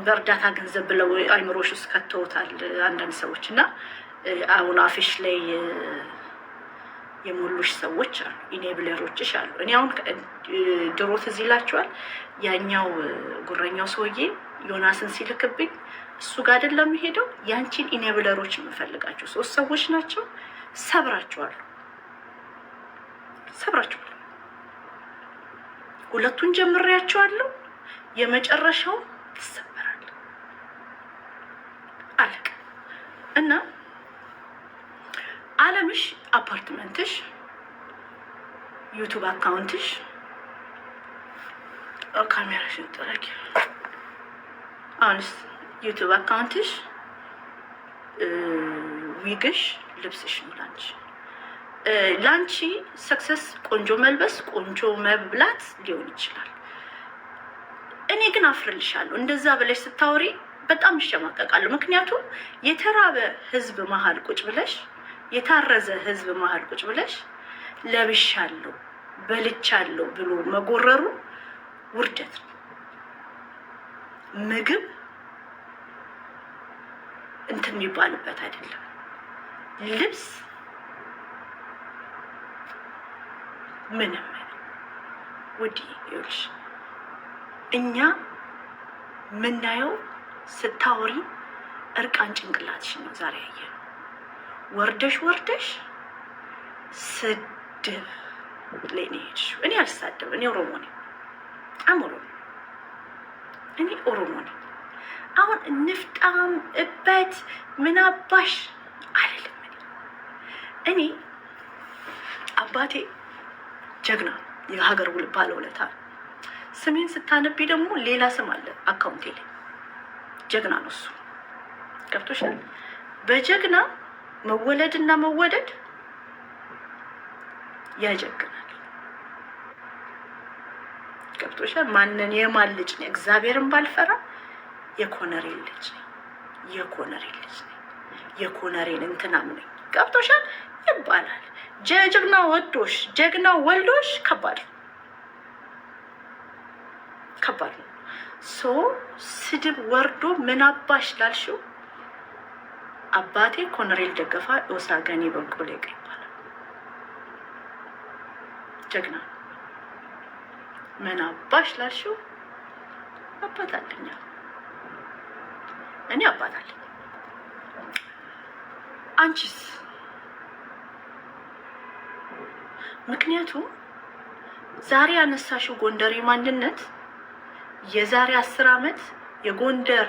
አሁን በእርዳታ ገንዘብ ብለው አይምሮሽ ውስጥ ከተውታል አንዳንድ ሰዎች እና አሁን አፍሽ ላይ የሞሉሽ ሰዎች አሉ፣ ኢኔብለሮችሽ አሉ። እኔ አሁን ድሮ ትዝ ይላችኋል ያኛው ጉረኛው ሰውዬ ዮናስን ሲልክብኝ እሱ ጋር አይደለም የምሄደው። ያንቺን ኢኔብለሮች የምፈልጋቸው ሶስት ሰዎች ናቸው። ሰብራቸዋለሁ፣ ሰብራቸዋለሁ። ሁለቱን ጀምሬያቸዋለሁ፣ የመጨረሻው ትሰበራል። አለቅ እና አለምሽ፣ አፓርትመንትሽ፣ ዩቱብ አካውንትሽ፣ ካሜራሽን ጥረጊ። አሁንስ ዩቱብ አካውንትሽ፣ ዊግሽ፣ ልብስሽ ነው ላንቺ ላንቺ ሰክሰስ ቆንጆ መልበስ ቆንጆ መብላት ሊሆን ይችላል። እኔ ግን አፍርልሻለሁ እንደዛ ብለሽ ስታወሪ በጣም ይሸማቀቃሉ። ምክንያቱም የተራበ ህዝብ መሀል ቁጭ ብለሽ የታረዘ ህዝብ መሀል ቁጭ ብለሽ ለብሻለሁ በልቻለሁ ብሎ መጎረሩ ውርደት ነው። ምግብ እንትን የሚባልበት አይደለም። ልብስ ምንም ውድ ይኸውልሽ እኛ ምናየው ስታወሪ እርቃን ጭንቅላትሽ ነው ዛሬ ያየ ወርደሽ ወርደሽ ስድብ ላይ ነው እኔ አልሳደብ፣ እኔ ኦሮሞ ነኝ። በጣም ኦሮሞ እኔ ኦሮሞ ነኝ። አሁን ንፍጣም እበት ምናባሽ አባሽ አልልም። እኔ አባቴ ጀግና የሀገር ባለውለታ ስሜን ስታነቢ ደግሞ ሌላ ስም አለ አካውንቴ ላይ ጀግና ነው እሱ። ገብቶሻል? በጀግና መወለድ እና መወደድ ያጀግናል። ገብቶሻል? ማንን የማን ልጅ ነው? እግዚአብሔርን ባልፈራ የኮነሬ ልጅ ነው። የኮነሬ ልጅ ነው። የኮነሬን እንትናም ነኝ። ገብቶሻል? ይባላል። ጀግና ወዶሽ ጀግና ወልዶሽ ከባድ ነው፣ ከባድ ነው። ሶ ስድብ ወርዶ ምን አባሽ ላልሽው አባቴ ኮሎኔል ደገፋ ኦሳገኔ በቆሌ ይባላል። ጀግና ምን አባሽ ላልሽው አባት አለኛል። እኔ አባት አለኝ። አንቺስ? ምክንያቱም ዛሬ ያነሳሽው ጎንደሬ ማንነት የዛሬ አስር አመት የጎንደር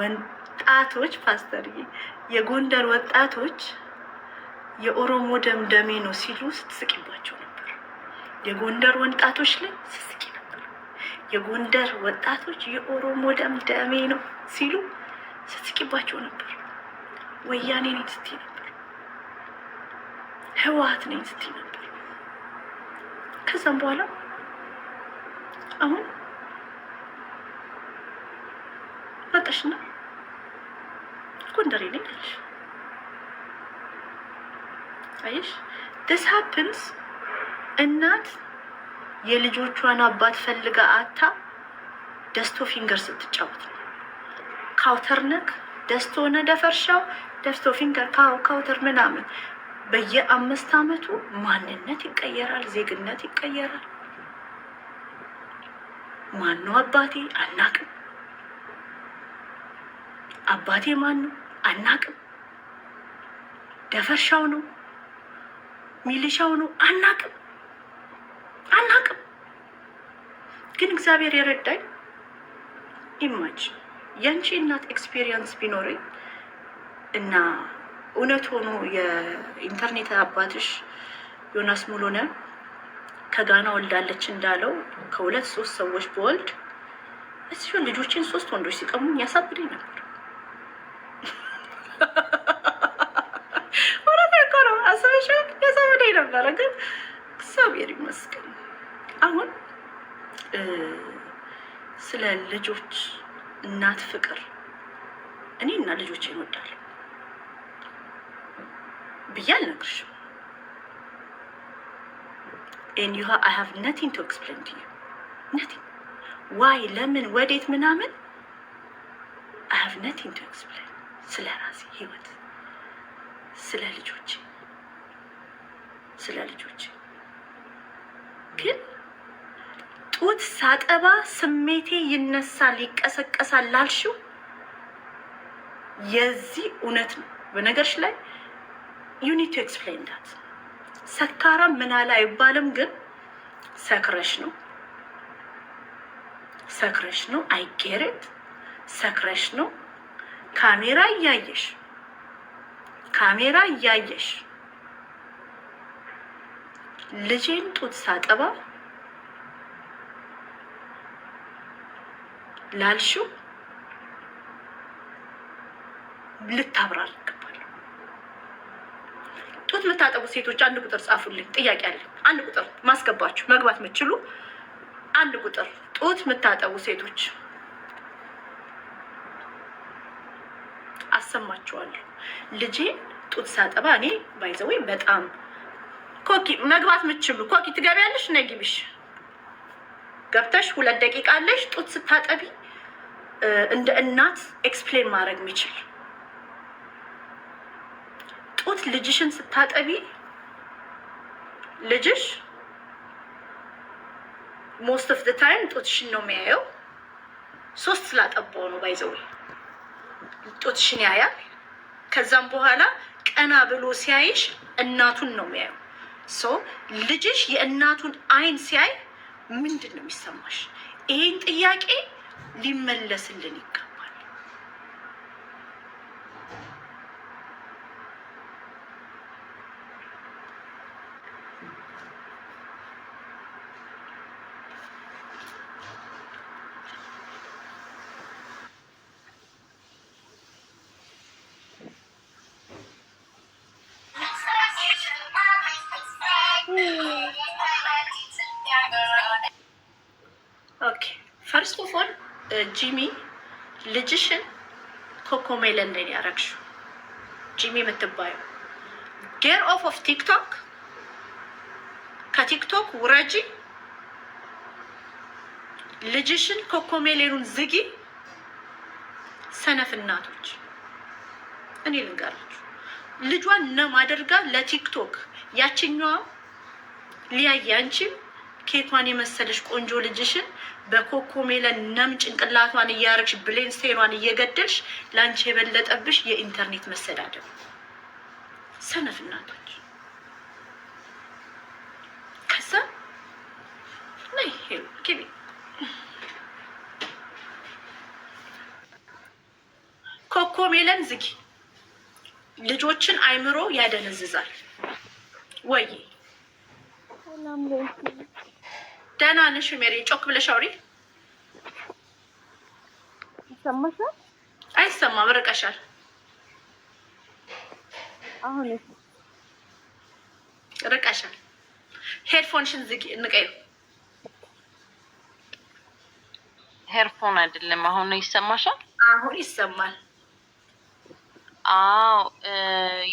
ወጣቶች ፓስተር የጎንደር ወጣቶች የኦሮሞ ደምደሜ ነው ሲሉ ስትስቂባቸው ነበር። የጎንደር ወጣቶች ላይ ስትስቂ ነበር። የጎንደር ወጣቶች የኦሮሞ ደምደሜ ነው ሲሉ ስትስቂባቸው ነበር። ወያኔ ነኝ ስትይ ነበር። ህወሓት ነኝ ስትይ ነበር። ከዛም በኋላ አሁን ናፈቀሽ ነው ጎንደሬ ነኝ አለሽ። አየሽ ዲስ ሀፕንስ። እናት የልጆቿን አባት ፈልጋ አታ ደስቶ ፊንገር ስትጫወት ነው። ነክ ደስቶ ሆነ ደፈርሻው ደስቶ ፊንገር ካው ካውተር ምናምን በየአምስት ዓመቱ ማንነት ይቀየራል፣ ዜግነት ይቀየራል። ማነው አባቴ አናውቅም። አባቴ ማን ነው አናቅም። ደፈርሻው ነው ሚሊሻው ነው አናቅም አናቅም። ግን እግዚአብሔር የረዳኝ ኢማጅ የአንቺ እናት ኤክስፒሪየንስ ቢኖረኝ እና እውነት ሆኖ የኢንተርኔት አባትሽ ዮናስ ሙሉነ ከጋና ወልዳለች እንዳለው ከሁለት ሶስት ሰዎች በወልድ እዚሁ ልጆችን ሶስት ወንዶች ሲቀሙኝ ያሳብደኝ ነበር። ነበረ፣ ግን እግዚአብሔር ይመስገን አሁን ስለ ልጆች እናት ፍቅር እኔ እና ልጆች እንወዳለን ብዬ አልነግርሽም። ኤን ዩ አይ ሃቭ ነቲንግ ቱ ኤክስፕሌን ቱ ዩ ነቲንግ ዋይ ለምን ወዴት ምናምን አይ ሃቭ ነቲንግ ቱ ኤክስፕሌን ስለ ራሴ ህይወት ስለ ልጆቼ ስለ ልጆች ግን ጡት ሳጠባ ስሜቴ ይነሳል፣ ይቀሰቀሳል ላልሽው የዚህ እውነት ነው። በነገርሽ ላይ ዩኒት ኤክስፕሌን ዳት ሰካራም ምናለ አይባልም፣ ግን ሰክረሽ ነው ሰክረሽ ነው አይጌርት ሰክረሽ ነው ካሜራ እያየሽ ካሜራ እያየሽ ልጄን ጡት ሳጠባ ላልሽው ልታብራር ይገባል። ጡት የምታጠቡ ሴቶች አንድ ቁጥር ጻፉልኝ። ጥያቄ አለ። አንድ ቁጥር ማስገባችሁ መግባት የምችሉ አንድ ቁጥር ጡት የምታጠቡ ሴቶች አሰማችኋለሁ። ልጄን ጡት ሳጠባ እኔ ባይዘወይ በጣም ኮኪ መግባት ምችሉ ኮኪ ትገቢያለሽ፣ ነግቢሽ ገብተሽ ሁለት ደቂቃ አለሽ። ጡት ስታጠቢ እንደ እናት ኤክስፕሌን ማድረግ የሚችል ጡት ልጅሽን ስታጠቢ ልጅሽ ሞስት ኦፍ ደ ታይም ጡትሽን ነው የሚያየው። ሶስት ስላጠባው ነው ባይዘው ጡትሽን ያያል። ከዛም በኋላ ቀና ብሎ ሲያይሽ እናቱን ነው የሚያየው። ሶ ልጅሽ የእናቱን አይን ሲያይ ምንድን ነው የሚሰማሽ? ይህን ጥያቄ ሊመለስልን ይገባል። ጂሚ ልጅሽን ኮኮሜለን ላይ ያረግሹ ጂሚ የምትባዩ ጌር ኦፍ ኦፍ ቲክቶክ ከቲክቶክ ውረጂ፣ ልጅሽን ኮኮሜሌኑን ዝጊ። ሰነፍ እናቶች እኔ ልንገራችሁ፣ ልጇን ነማ አድርጋ ለቲክቶክ ያችኛዋ ሊያያንችም ኬቷን የመሰለሽ ቆንጆ ልጅሽን በኮኮ ሜለን ነም ጭንቅላቷን እያረግሽ ብሌን ስቴኗን እየገደልሽ ለአንቺ የበለጠብሽ የኢንተርኔት መሰዳደብ ሰነፍ እናቶች። ከዛ ነይ ዝጊ። ልጆችን አይምሮ ያደነዝዛል ወይ? ደህና ነሽ ሜሪ? ጮክ ብለሽ አውሪ። ይሰማሻል? አይሰማም፣ ርቀሻል። አሁን ርቀሻል። ሄድፎንሽን ዝጊ፣ እንቀይ። ሄድፎን አይደለም። አሁን ይሰማሻል? አሁን ይሰማል። አዎ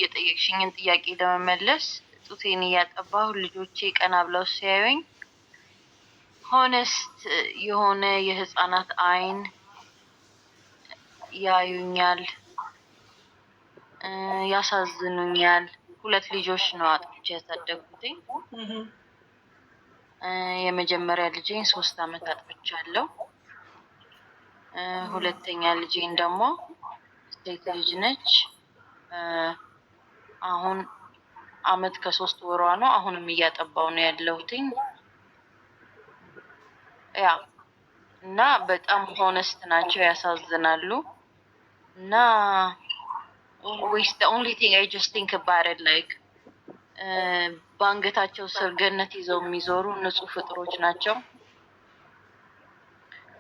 የጠየቅሽኝን ጥያቄ ለመመለስ ጡቴን እያጠባሁ ልጆቼ ቀና ብለው ሲያዩኝ ሆነስት የሆነ የህፃናት አይን ያዩኛል፣ ያሳዝኑኛል። ሁለት ልጆች ነው አጥብቼ ያሳደግኩትኝ። የመጀመሪያ ልጄን ሶስት አመት አጥብቻለሁ። ሁለተኛ ልጄን ደግሞ ሴት ልጅ ነች። አሁን አመት ከሶስት ወሯ ነው። አሁንም እያጠባው ነው ያለሁትኝ ያ እና በጣም ሆነስት ናቸው፣ ያሳዝናሉ። እና ዊስ ዘ ኦንሊ ቲንግ አይ ጀስት ቲንክ አባውት ላይክ በአንገታቸው ስር ገነት ይዘው የሚዞሩ ንጹህ ፍጥሮች ናቸው።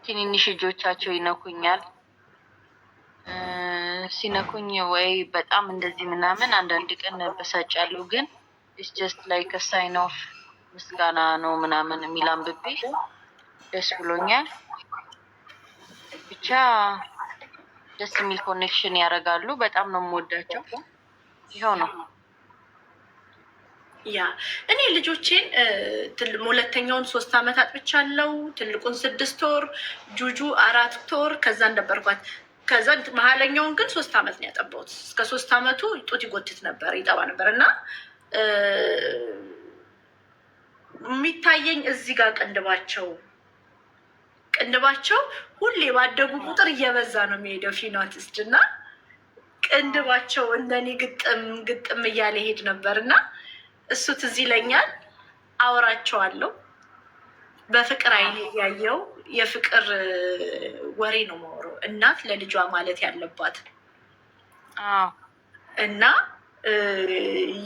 ትንንሽ እጆቻቸው ይነኩኛል። ሲነኩኝ ወይ በጣም እንደዚህ ምናምን አንዳንድ ቀን በሳጫለሁ፣ ግን ኢትስ ጀስት ላይክ ሳይን ኦፍ ምስጋና ነው ምናምን የሚል አንብቤ ደስ ብሎኛል። ብቻ ደስ የሚል ኮኔክሽን ያደርጋሉ። በጣም ነው የምወዳቸው። ይኸው ነው ያ እኔ ልጆቼን ሁለተኛውን ሶስት ዓመት አጥብቻለሁ። ትልቁን ስድስት ወር፣ ጁጁ አራት ወር ከዛ እንደበርኳት። ከዛ መሀለኛውን ግን ሶስት አመት ነው ያጠባሁት። እስከ ሶስት ዓመቱ ጡት ይጎትት ነበር ይጠባ ነበር እና የሚታየኝ እዚህ ጋር ቅንድባቸው ቅንድባቸው ሁሌ ባደጉ ቁጥር እየበዛ ነው የሚሄደው። ፊኖቲስድ እና ቅንድባቸው እንደኔ ግጥም ግጥም እያለ ይሄድ ነበር እና እሱ ትዝ ይለኛል። አወራቸዋለሁ በፍቅር አይኔ ያየው የፍቅር ወሬ ነው የማወራው እናት ለልጇ ማለት ያለባት እና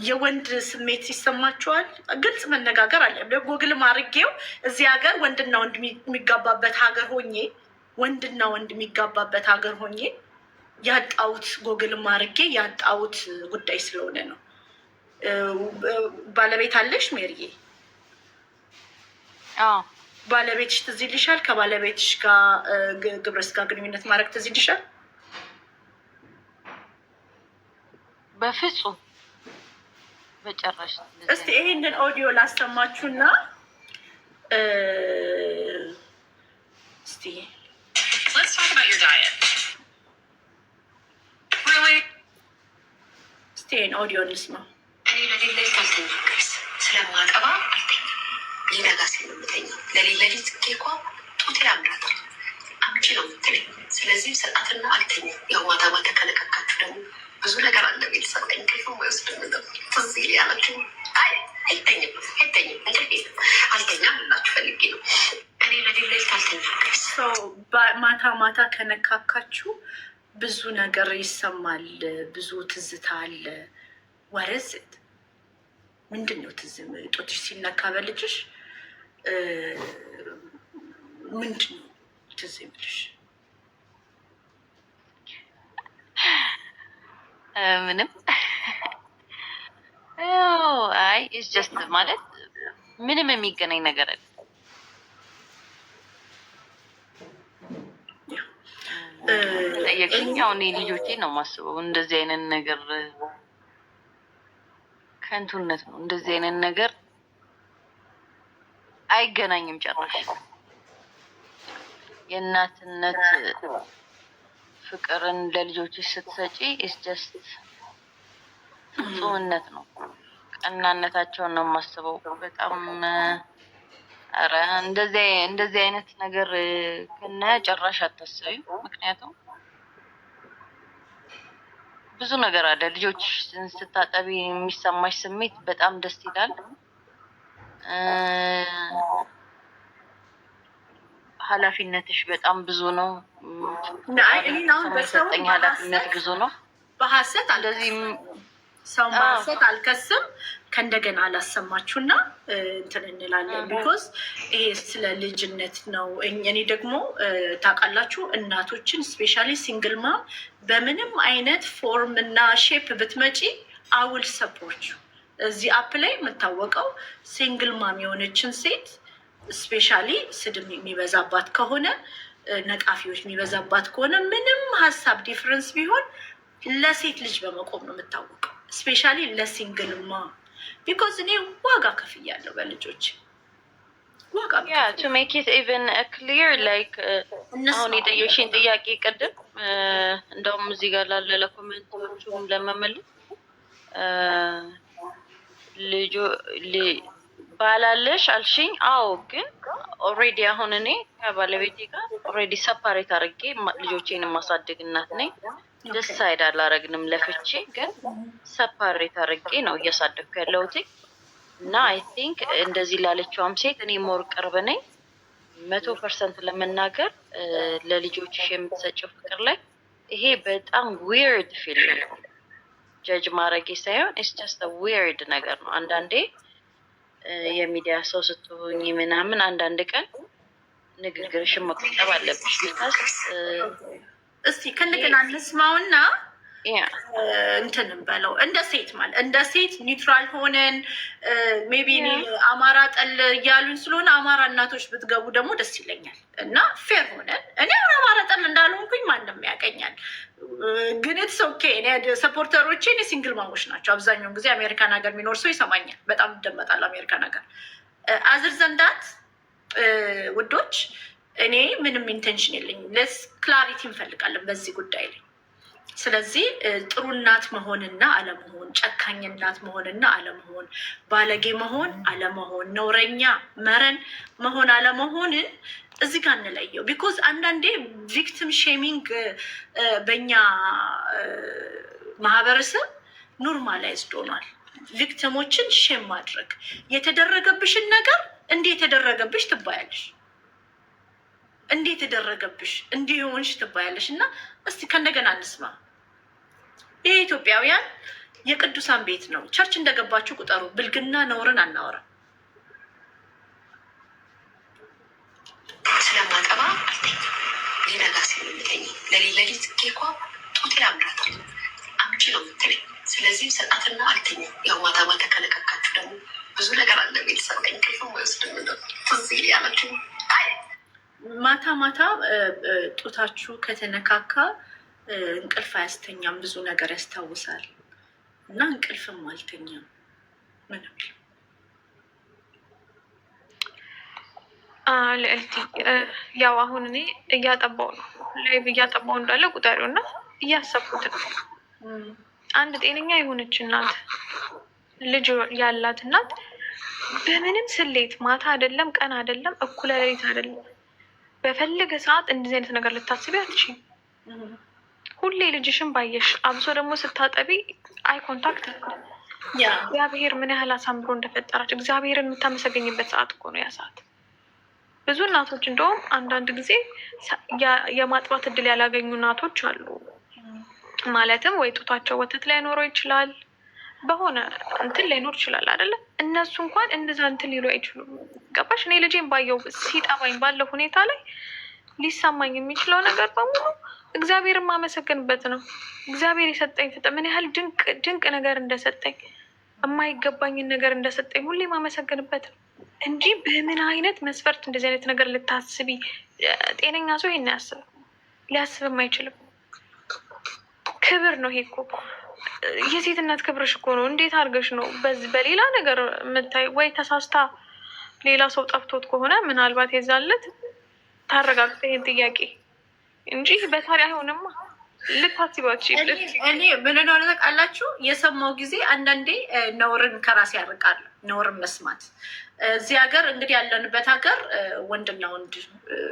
የወንድ ስሜት ይሰማችኋል። ግልጽ መነጋገር አለ። ጎግልም አድርጌው እዚህ ሀገር ወንድና ወንድ የሚጋባበት ሀገር ሆኜ ወንድና ወንድ የሚጋባበት ሀገር ሆኜ ያጣሁት ጎግል አድርጌ ያጣሁት ጉዳይ ስለሆነ ነው። ባለቤት አለሽ ሜሪዬ? ባለቤትሽ ትዝ ይልሻል? ከባለቤትሽ ጋር ግብረ ስጋ ግንኙነት ማድረግ ትዝ ይልሻል? በፍጹም መጨረሻ። እስቲ ይሄንን ኦዲዮ ላሰማችሁና እስቲ ስቴን ኦዲዮ እንስማ። እኔ ለሌት ለሊት አልተኛም፣ ስለማጠባ አልተኛም። ሊነጋ ሲል የምተኛው። ለሌት ለሊት ኬኳ ጡት ያምራታል፣ አምጪ ነው የምትለኝ። ስለዚህም ሰጣትና አልተኛም። ያው ማታ ማታ ደግሞ ብዙ ነገር አለ። ቤተሰብ እንቅልፍ ወይወስድ ትዝ ያላችሁ አይተኝም አይተኝም እንቅልፍ አልተኛም ላችሁ ፈልጌ ነው። እኔ ለሌላ አልተኛ ሰው ማታ ማታ ከነካካችሁ ብዙ ነገር ይሰማል። ብዙ ትዝታ አለ። ወረዝት ምንድን ነው ትዝ ጦትሽ ሲነካ በልጅሽ ምንድን ነው ትዝ ይምልሽ? ምንም አይ ኢስ ጀስት ማለት ምንም የሚገናኝ ነገር አለ። ጠየቅሽኝ። አሁን ልጆቼ ነው የማስበው። እንደዚህ አይነት ነገር ከንቱነት ነው። እንደዚህ አይነት ነገር አይገናኝም ጨራሽ የእናትነት ፍቅርን ለልጆች ስትሰጪ ኢስ ጀስት ፍጹምነት ነው። ቀናነታቸውን ነው የማስበው። በጣም ኧረ እንደዚህ አይነት ነገር ከነ ጭራሽ አታሳዩ። ምክንያቱም ብዙ ነገር አለ። ልጆች ስታጠቢ የሚሰማሽ ስሜት በጣም ደስ ይላል። ኃላፊነትሽ በጣም ብዙ ነው። ሰጠኝ ኃላፊነት ብዙ ነው። በሀሰት እንደዚህም ሰው ማሰት አልከስም ከእንደገና አላሰማችሁና እንትን እንላለን። ቢኮዝ ይሄ ስለ ልጅነት ነው። እኔ ደግሞ ታውቃላችሁ እናቶችን ስፔሻሊ ሲንግል ማም በምንም አይነት ፎርም እና ሼፕ ብትመጪ አውል ሰፖርች እዚህ አፕ ላይ የምታወቀው ሲንግል ማም የሆነችን ሴት ስፔሻሊ ስድብ የሚበዛባት ከሆነ ነቃፊዎች የሚበዛባት ከሆነ ምንም ሀሳብ ዲፍረንስ ቢሆን ለሴት ልጅ በመቆም ነው የምታወቀው። ስፔሻሊ ለሲንግልማ ቢኮዝ እኔ ዋጋ ከፍያለሁ በልጆች ዋጋ uh, አሁን የጠየሽን ጥያቄ ቅድም uh, እንደውም እዚህ ጋር ላለ ለኮመንቶቹም ለመመለስ uh, ልጆ ባላለሽ አልሽኝ። አዎ ግን ኦሬዲ አሁን እኔ ከባለቤቴ ጋር ኦሬዲ ሰፓሬት አድርጌ ልጆቼን የማሳድግ እናት ነኝ። ደሳይድ አላረግንም ለፍቼ ግን ሰፓሬት አድርጌ ነው እያሳደግኩ ያለሁት እና አይ ቲንክ እንደዚህ ላለችዋም ሴት እኔ ሞር ቅርብ ነኝ መቶ ፐርሰንት ለመናገር ለልጆችሽ የምትሰጭው ፍቅር ላይ ይሄ በጣም ዊርድ ፊልም ነው። ጀጅ ማድረጌ ሳይሆን ኢስ ጀስት ዊርድ ነገር ነው አንዳንዴ የሚዲያ ሰው ስትሆኝ ምናምን አንዳንድ ቀን ንግግርሽን መቆጠብ አለብሽ። እስቲ ከእንደገና አንስማውና እንትን በለው እንደ ሴት ማለት እንደ ሴት ኒውትራል ሆነን ሜቢ አማራ ጠል እያሉን ስለሆነ አማራ እናቶች ብትገቡ ደግሞ ደስ ይለኛል። እና ፌር ሆነን እኔ አሁን አማራ ጠል እንዳልሆንኩኝ ማንም ያቀኛል። ግን ኢትስ ኦኬ። እኔ ሰፖርተሮቼ እኔ ሲንግል ማሞች ናቸው። አብዛኛውን ጊዜ አሜሪካን ሀገር የሚኖር ሰው ይሰማኛል። በጣም ይደመጣል አሜሪካን ሀገር አዝር ዘንዳት ውዶች፣ እኔ ምንም ኢንቴንሽን የለኝም። ለስ ክላሪቲ እንፈልጋለን በዚህ ጉዳይ ላይ ስለዚህ ጥሩ እናት መሆንና አለመሆን፣ ጨካኝ እናት መሆንና አለመሆን፣ ባለጌ መሆን አለመሆን፣ ነውረኛ መረን መሆን አለመሆንን እዚህ ጋር እንለየው። ቢኮዝ አንዳንዴ ቪክቲም ሼሚንግ በኛ ማህበረሰብ ኖርማላይዝድ ሆኗል። ቪክቲሞችን ሼም ማድረግ የተደረገብሽን ነገር እንዲህ የተደረገብሽ ትባያለሽ እንዴት ተደረገብሽ? እንዲህ የሆንሽ ትባያለሽ። እና እስቲ ከእንደገና እንስማ። ይህ ኢትዮጵያውያን የቅዱሳን ቤት ነው። ቸርች እንደገባችሁ ቁጠሩ። ብልግና ነውርን አናወራ። ስለማጠባ ሊነጋ ሲል የምተኝ ለሌት ለሊት ኬኳ ጡቴን አምራታል አምጪ ነው የምትለኝ። ስለዚህ ሰጣትና አልተኛም። ያው ማታ ማታ ከነቀካችሁ ደግሞ ብዙ ነገር አለ ቤተሰብ ላይ እንቅልፍ ወይወስድ ምንደ ትዝ ያላችሁ ማታ ማታ ጡታችሁ ከተነካካ እንቅልፍ አያስተኛም፣ ብዙ ነገር ያስታውሳል እና እንቅልፍም አልተኛም። ምንም ልዕልቲ፣ ያው አሁን እኔ እያጠባው ነው ላይቭ እያጠባው እንዳለ ቁጠሪው እና እያሰብኩት ነው። አንድ ጤነኛ የሆነች እናት ልጅ ያላት እናት በምንም ስሌት ማታ አይደለም ቀን አይደለም እኩለ ሌሊት አይደለም በፈለገ ሰዓት እንደዚህ አይነት ነገር ልታስቢ አትችይም። ሁሌ ልጅሽን ባየሽ፣ አብሶ ደግሞ ስታጠቢ አይ ኮንታክት እግዚአብሔር ምን ያህል አሳምሮ እንደፈጠራች እግዚአብሔርን የምታመሰገኝበት ሰዓት እኮ ነው ያ ሰዓት። ብዙ እናቶች እንደውም አንዳንድ ጊዜ የማጥባት እድል ያላገኙ እናቶች አሉ። ማለትም ወይ ጡታቸው ወተት ላይኖረው ይችላል፣ በሆነ እንትን ላይኖር ይችላል አይደለ? እነሱ እንኳን እንደዛ እንትን ሊሉ አይችሉም። ገባሽ? እኔ ልጄን ባየው ሲጠባኝ ባለው ሁኔታ ላይ ሊሰማኝ የሚችለው ነገር በሙሉ እግዚአብሔር የማመሰግንበት ነው። እግዚአብሔር የሰጠኝ ፍጥ ምን ያህል ድንቅ ድንቅ ነገር እንደሰጠኝ የማይገባኝን ነገር እንደሰጠኝ ሁሌ የማመሰግንበት ነው እንጂ በምን አይነት መስፈርት እንደዚህ አይነት ነገር ልታስቢ? ጤነኛ ሰው ይሄን ያስብ ሊያስብም አይችልም። ክብር ነው ይሄ እኮ የሴትነት ክብርሽ እኮ ነው። እንዴት አድርገሽ ነው በዚህ በሌላ ነገር የምታይ ወይ ተሳስታ ሌላ ሰው ጠፍቶት ከሆነ ምናልባት የዛለት ታረጋግጠ ይህን ጥያቄ እንጂ በታሪ አይሆንማ። ልታስባች እኔ ምን እንደሆነ ታውቃላችሁ? የሰማው ጊዜ አንዳንዴ ነውርን ከራስ ያርቃል። ነውርን መስማት እዚህ ሀገር እንግዲህ ያለንበት ሀገር ወንድና ወንድ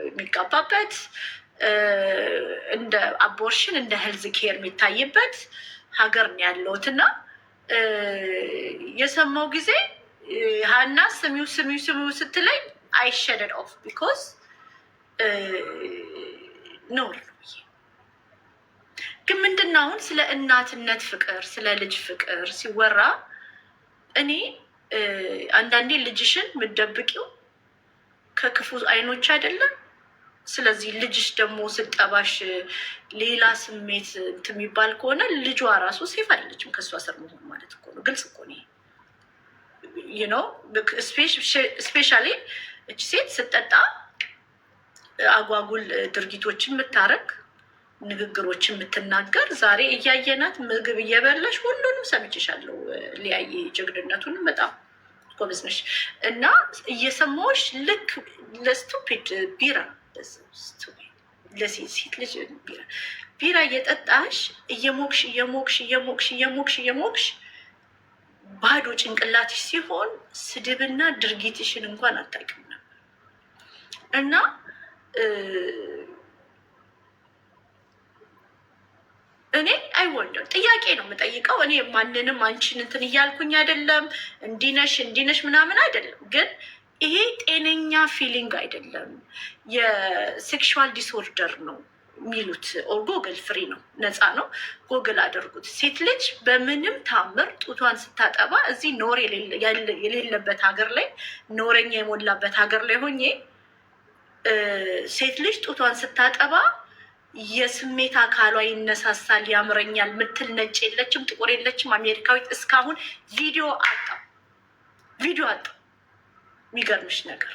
የሚጋባበት እንደ አቦርሽን እንደ ህልዝ ኬር የሚታይበት ሀገር ነው ያለሁት እና የሰማው ጊዜ ሀና ስሚው ስሚው ስሚው ስትለኝ አይሸደድ ኦፍ ቢኮዝ ነው ግን ምንድን ነው አሁን ስለ እናትነት ፍቅር ስለ ልጅ ፍቅር ሲወራ እኔ አንዳንዴ ልጅሽን ምደብቂው ከክፉ አይኖች አይደለም። ስለዚህ ልጅሽ ደግሞ ስጠባሽ ሌላ ስሜት የሚባል ከሆነ ልጇ ራሱ ሴፍ አይደለችም። ከእሷ ስር መሆን ማለት እኮ ነው። ግልጽ እኮ ነው። ነው። ስፔሻሊ እች ሴት ስጠጣ አጓጉል ድርጊቶችን የምታረግ ንግግሮችን የምትናገር ዛሬ እያየናት ምግብ እየበላሽ ሁሉንም ሰምችሻለሁ። ሊያይ ጀግንነቱንም በጣም ጎበዝ ነሽ እና እየሰማዎች ልክ ለስቱፒድ ቢራ ለሴት ልጅ ቢራ ቢራ እየጠጣሽ እየሞክሽ እየሞክሽ እየሞክሽ እየሞክሽ እየሞክሽ ባዶ ጭንቅላትሽ ሲሆን ስድብና ድርጊትሽን እንኳን አታውቂም ነበር እና እኔ አይወንደም ጥያቄ ነው የምጠይቀው። እኔ ማንንም አንቺን እንትን እያልኩኝ አይደለም፣ እንዲነሽ እንዲነሽ ምናምን አይደለም። ግን ይሄ ጤነኛ ፊሊንግ አይደለም፣ የሴክሽዋል ዲስኦርደር ነው። የሚሉት ኦር ጎግል ፍሪ ነው፣ ነፃ ነው። ጎግል አድርጉት። ሴት ልጅ በምንም ታምር ጡቷን ስታጠባ እዚህ ኖር የሌለበት ሀገር ላይ ኖረኛ የሞላበት ሀገር ላይ ሆኜ ሴት ልጅ ጡቷን ስታጠባ የስሜት አካሏ ይነሳሳል፣ ያምረኛል ምትል ነጭ የለችም፣ ጥቁር የለችም፣ አሜሪካዊት እስካሁን ቪዲዮ አጣ ቪዲዮ አጣ። የሚገርምሽ ነገር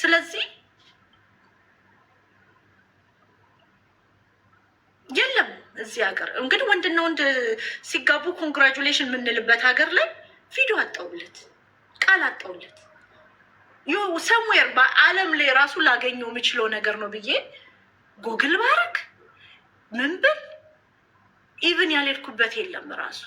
ስለዚህ የለም እዚህ ሀገር እንግዲህ ወንድና ወንድ ሲጋቡ ኮንግራጁሌሽን የምንልበት ሀገር ላይ ቪዲዮ አጣውለት፣ ቃል አጣውለት ሰምዌር በአለም ላይ ራሱ ላገኘው የምችለው ነገር ነው ብዬ ጎግል ባረክ ምን ብል ኢቭን ያልሄድኩበት የለም ራሱ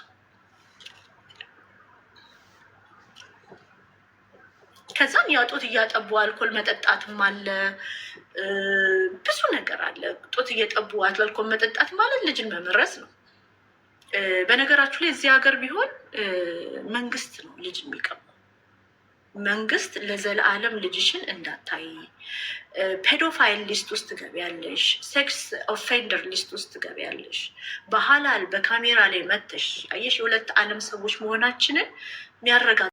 ከዛም ያው ጡት እያጠቡ አልኮል መጠጣትም አለ፣ ብዙ ነገር አለ። ጡት እየጠቡ አልኮል መጠጣት ማለት ልጅን መመረዝ ነው። በነገራችሁ ላይ እዚህ ሀገር ቢሆን መንግስት ነው ልጅ የሚቀሙ መንግስት ለዘለዓለም ልጅሽን እንዳታይ ፔዶፋይል ሊስት ውስጥ ትገቢያለሽ፣ ሴክስ ኦፌንደር ሊስት ውስጥ ትገቢያለሽ። በሀላል በካሜራ ላይ መተሽ አየሽ፣ የሁለት ዓለም ሰዎች መሆናችንን የሚያረጋ